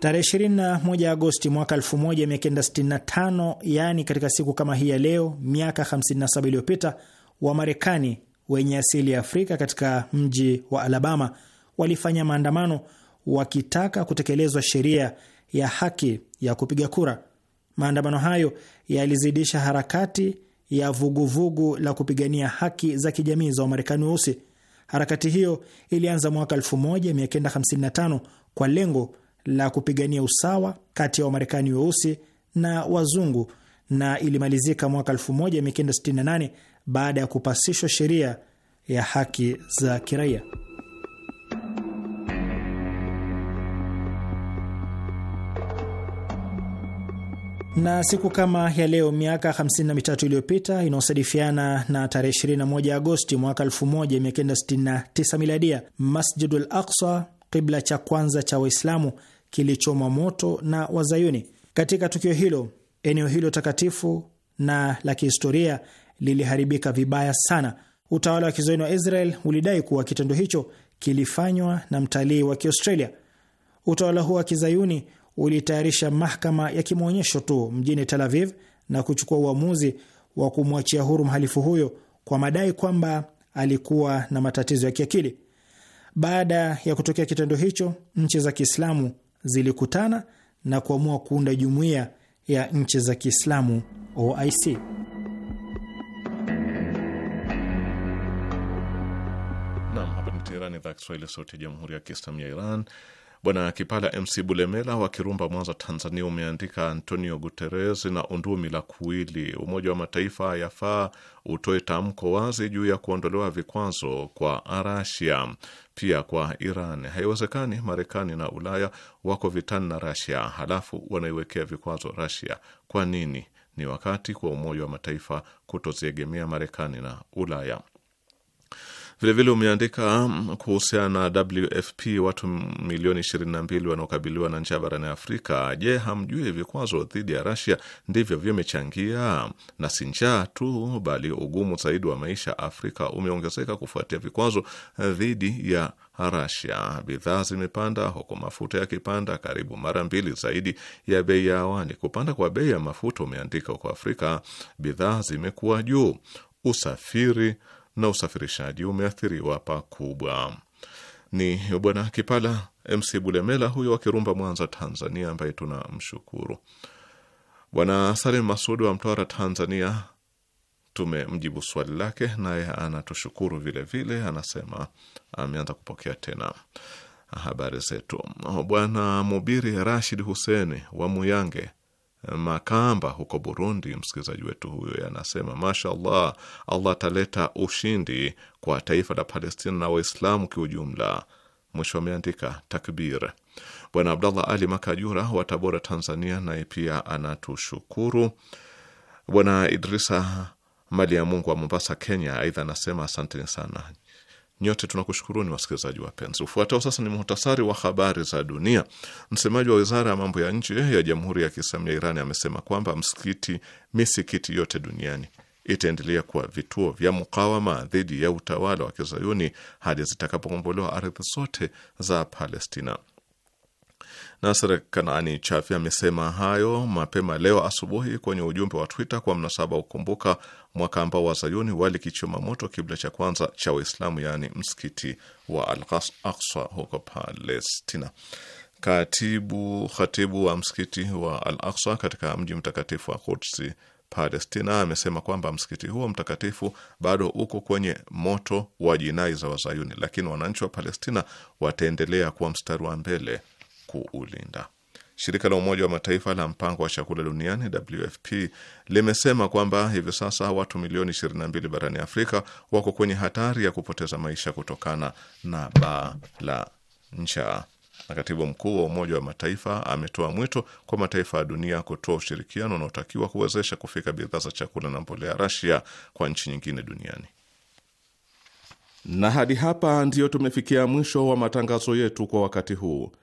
Tarehe 21 Agosti mwaka 1965, yaani katika siku kama hii ya leo, miaka 57 iliyopita, Wamarekani wenye asili ya Afrika katika mji wa Alabama walifanya maandamano wakitaka kutekelezwa sheria ya haki ya kupiga kura. Maandamano hayo yalizidisha harakati ya vuguvugu vugu la kupigania haki za kijamii za Wamarekani weusi. Harakati hiyo ilianza mwaka 1955 kwa lengo la kupigania usawa kati ya Wamarekani weusi na wazungu na ilimalizika mwaka 1968 baada ya kupasishwa sheria ya haki za kiraia. Na siku kama ya leo miaka 53 iliyopita inaosadifiana na tarehe 21 Agosti mwaka 1969 miladia, Masjidul Aqsa, kibla cha kwanza cha Waislamu, kilichomwa moto na Wazayuni. Katika tukio hilo, eneo hilo takatifu na la kihistoria liliharibika vibaya sana. Utawala wa kizayuni wa Israel ulidai kuwa kitendo hicho kilifanywa na mtalii wa Kiaustralia. Utawala huo wa kizayuni ulitayarisha mahakama ya kimwonyesho tu mjini Tel Aviv na kuchukua uamuzi wa kumwachia huru mhalifu huyo kwa madai kwamba alikuwa na matatizo ya kiakili. Baada ya kutokea kitendo hicho, nchi za Kiislamu zilikutana na kuamua kuunda jumuiya ya nchi za Kiislamu OIC. Nam, hapa ni Teherani, idhaa ya Kiswahili, sauti ya jamhuri ya kiislamu ya Iran. Bwana Kipala MC Bulemela wa Kirumba, Mwanza, Tanzania, umeandika Antonio Guterres na undumi la kuwili, Umoja wa Mataifa yafaa utoe tamko wazi juu ya kuondolewa vikwazo kwa Rasia pia kwa Iran. Haiwezekani Marekani na Ulaya wako vitani na Rasia halafu wanaiwekea vikwazo Rasia. Kwa nini? Ni wakati kwa Umoja wa Mataifa kutoziegemea Marekani na Ulaya. Vilevile umeandika mm, kuhusiana na WFP, watu milioni 22 wanaokabiliwa na njaa barani Afrika. Je, hamjui vikwazo dhidi ya Rasia ndivyo vimechangia? Na si njaa tu, bali ugumu zaidi wa maisha Afrika umeongezeka kufuatia vikwazo eh, dhidi ya Rasia. Bidhaa zimepanda huku mafuta yakipanda karibu mara mbili zaidi ya bei ya awali. Kupanda kwa bei ya mafuta, umeandika, huko Afrika bidhaa zimekuwa juu, usafiri na usafirishaji umeathiriwa pakubwa. Ni Bwana Kipala MC Bulemela huyo Kirumba, Mwanza, Tanzania, ambaye tunamshukuru. Bwana Salim Masudi wa Mtwara, Tanzania, tumemjibu swali lake, naye anatushukuru vilevile. Anasema ameanza kupokea tena habari zetu. Bwana Mubiri Rashid Huseni wa Muyange Makamba huko Burundi, msikilizaji wetu huyo anasema mashallah, Allah ataleta ushindi kwa taifa la Palestina na Waislamu kiujumla. Mwisho ameandika takbir. Bwana Abdallah Ali Makajura wa Tabora, Tanzania, naye pia anatushukuru. Bwana Idrisa Mali ya Mungu wa Mombasa, Kenya, aidha anasema asanteni sana. Nyote tunakushukuruni wasikilizaji wapenzi. Ufuatao sasa ni muhtasari wa habari za dunia. Msemaji wa wizara ya mambo ya nje ya Jamhuri ya Kiislamu ya Iran amesema kwamba msikiti, misikiti yote duniani itaendelea kuwa vituo vya mukawama dhidi ya utawala wa kizayuni hadi zitakapokombolewa ardhi zote za Palestina nasr Kanani Chafi amesema hayo mapema leo asubuhi kwenye ujumbe wa Twitter kwa mnasaba ukumbuka mwaka ambao wazayuni walikichoma moto kibla cha kwanza cha Waislamu, yaani msikiti wa Al Aqsa huko Palestina. Katibu khatibu wa msikiti wa Al Aqsa katika mji mtakatifu wa Kudsi Palestina amesema kwamba msikiti huo mtakatifu bado uko kwenye moto wa jinai za Wazayuni, lakini wananchi wa Palestina wataendelea kuwa mstari wa mbele kuulinda. Shirika la Umoja wa Mataifa la Mpango wa Chakula Duniani, WFP, limesema kwamba hivi sasa watu milioni 22 barani Afrika wako kwenye hatari ya kupoteza maisha kutokana na baa la njaa. Na katibu mkuu wa Umoja wa Mataifa ametoa mwito kwa mataifa ya dunia kutoa ushirikiano unaotakiwa kuwezesha kufika bidhaa za chakula na mbolea Rasia kwa nchi nyingine duniani. Na hadi hapa ndiyo tumefikia mwisho wa matangazo yetu kwa wakati huu.